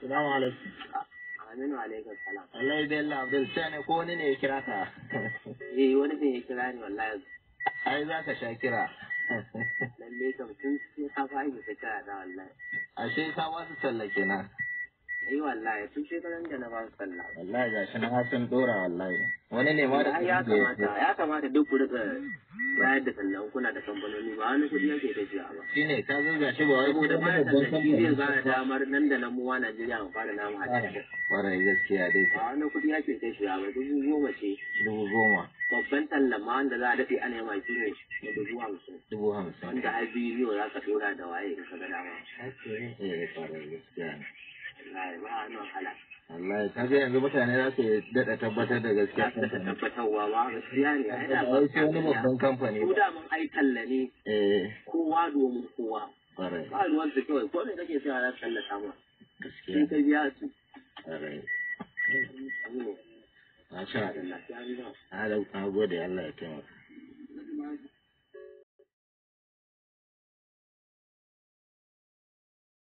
Salamu alaikum. Aminu alaikum salam. Wallahi Abdul Sani ko wani ne ya kira ka? Eh wani ne ya kira ni wallahi. Ai za ka sha kira. Lalle kam tun ta kira da wallahi. Ashe ka wasu tallake na. eh wallahi sun ce karan da na ba su sallah wallahi gashi na sun dora wallahi wani ne ma da ya kamata ya kamata duk ku rika bayar da sallah kuna da kamfanoni ba wani kudi yake da jiya ba shine ka zo shi ba wai kudi ba da kamfanoni zai zana damar nan da nan muwa Najeriya mu fara namu hada kwarai gaskiya dai ba wani kudi yake da jiya ba dubu goma ce dubu goma babban tallan ma wanda za a daɗe ana yama shi ne na dubu hamsin dubu hamsin wanda har biyu za ka dora da waye ka ga dama eh kwarai gaskiya Allah ka ga yanzu mutane za su daɗa tabbatar da gaskiya kan tabbatarwa ba gaskiya ne ai da wani babban kamfani ko da mun ai talla ne eh. kowa domin kowa ba ruwan su kawai ko ne kake sai ana tallata ma gaskiya sai ka biya su Masha Allah. Allah ya taimaka.